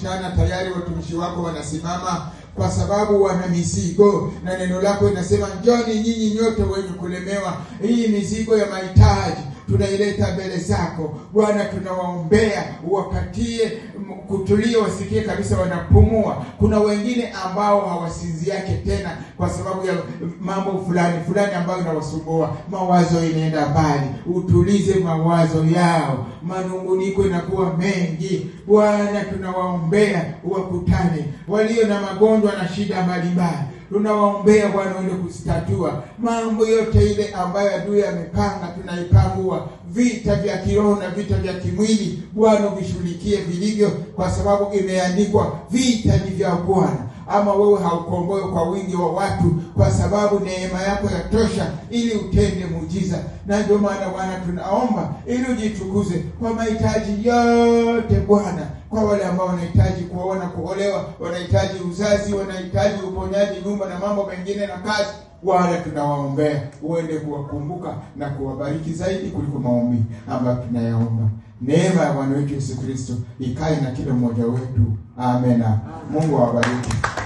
mchana, tayari watumishi wako wanasimama kwa sababu wana mizigo, na neno lako inasema njoni nyinyi nyote wenye kulemewa, hii mizigo ya mahitaji tunaileta mbele zako Bwana, tunawaombea uwapatie kutulia, wasikie kabisa wanapumua. Kuna wengine ambao hawasinziake tena kwa sababu ya mambo fulani fulani ambayo inawasumbua, mawazo inaenda mbali. Utulize mawazo yao, manunguniko inakuwa mengi. Bwana, tunawaombea uwakutane walio na magonjwa na shida mbalimbali tunawaombea Bwana uende kuzitatua mambo yote ile ambayo adui amepanga, tunaipangua vita vya kiroho na vita vya kimwili. Bwana uvishughulikie vilivyo, kwa sababu imeandikwa vita ni vya Bwana ama wewe haukomboe kwa wingi wa watu, kwa sababu neema yako yatosha ili utende muujiza. Na ndio maana Bwana tunaomba ili ujitukuze kwa mahitaji yote Bwana, kwa wale ambao wanahitaji kuona kuolewa, wanahitaji uzazi, wanahitaji uponyaji, nyumba na mambo mengine na kazi wale tunawaombea uende kuwakumbuka na kuwabariki zaidi kuliko maombi ambayo tunayaomba. Neema ya Bwana wetu Yesu Kristo ikae na kila mmoja wetu. Amena. Amen. Mungu awabariki.